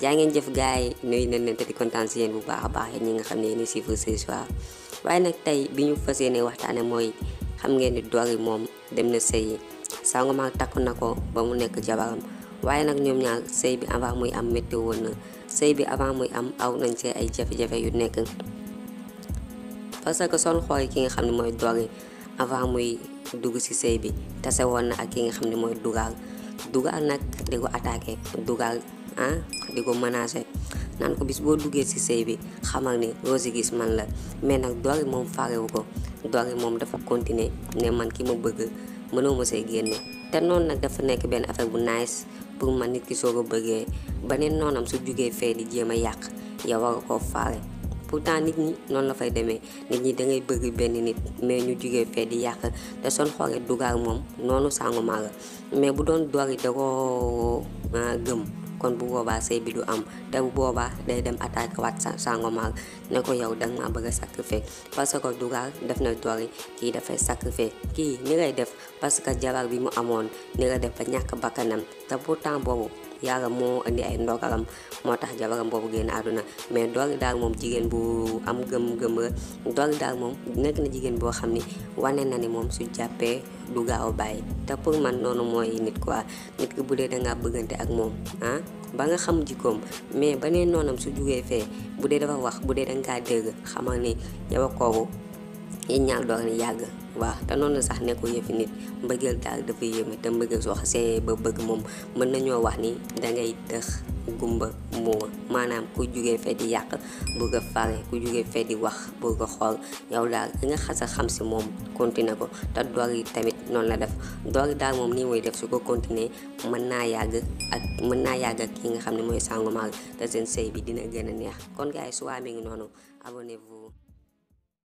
jàngeen ngeen jëf gars yi nuyu nañ leen te di kontaan si yéen bu baax a baax yéen ñi nga xam ne yéen si ce soir waaye nag tey bi ñu fas yéene waxtaane mooy xam ngeen ni Dori moom dem na sëy yi Sangomar takk na ko ba mu nekk jabaram waaye nag ñoom ñaar sëy bi avant muy am métti woon na sëy bi avant muy am aw nañ see ay jafe-jafe yu nekk parce que son xool ki nga xam ne mooy Dori avant muy dugg si sëy bi tase woon na ak ki nga xam ne mooy Dugal Dugal nag di ko attaqué Dugal ah di ko menacé naan ko bis boo duggee si sëy bi xamal ni Rosi gis man la mais nag Dori moom farewu ko Dori moom dafa continuer ne man ki ma bëgg mënoo ma say génne te noonu nag dafa nekk benn affaire bu nice pour man nit ki soo ko bëggee ba beneen noonam su jugee fee di jéem a yàq yow war a koo faale pourtant nit ñi noonu la fay demee nit ñi da bëgg benn nit mais ñu jugee fee di yàq te son xoolee dugaar moom noonu sangu maa la mais bu doon Dori da ah, kon bu boobaa sëy bi du am te bu boobaa day dem attaque waat Sangomar ne ko yow danga maa bëgg a sacrifier parce que Dugar def na dori kii dafay sacrifier kii ni lay def parce que jabar bi mu amoon ni la def ba ñàkk bakkanam te pourtant boobu yàlla moo indi ay ndogalam moo tax jabaram boobu génn àdduna mais doori daal moom jigéen bu am gëm-gëm la doori daal moom nekk na jigéen boo xam ni wane na ni moom su jàppee du gaaw a bàyyi te pour man noonu mooy nit quoi nit ki bu dee dangaa bëggante ak moom ah ba nga xam jikkoom mais ba beneen noonam su jugee fee bu dee dafa wax bu dee dangaa dégg xamal ni yow a kooku yéen doon na yàgg waaw te noonu sax nekku yëfi nit mbëggeel daal dafa yéeme te mbëggeel soo xasee ba bëgg moom mën nañoo wax ni dangay tëx gumba muuma maanaam ku jugee fee di yàq bëgg a fare ku jugee fee di wax bëgg a xool yow daal li nga xas a xam si moom continué ko te door yi tamit noonu la def door yi daal moom nii mooy def su ko continuer mën naa yàgg ak mën naa yàgg ak ki nga xam ne mooy Sangomar te seen sëy bi dina gën a neex kon gars yi su waa ngi noonu abonnez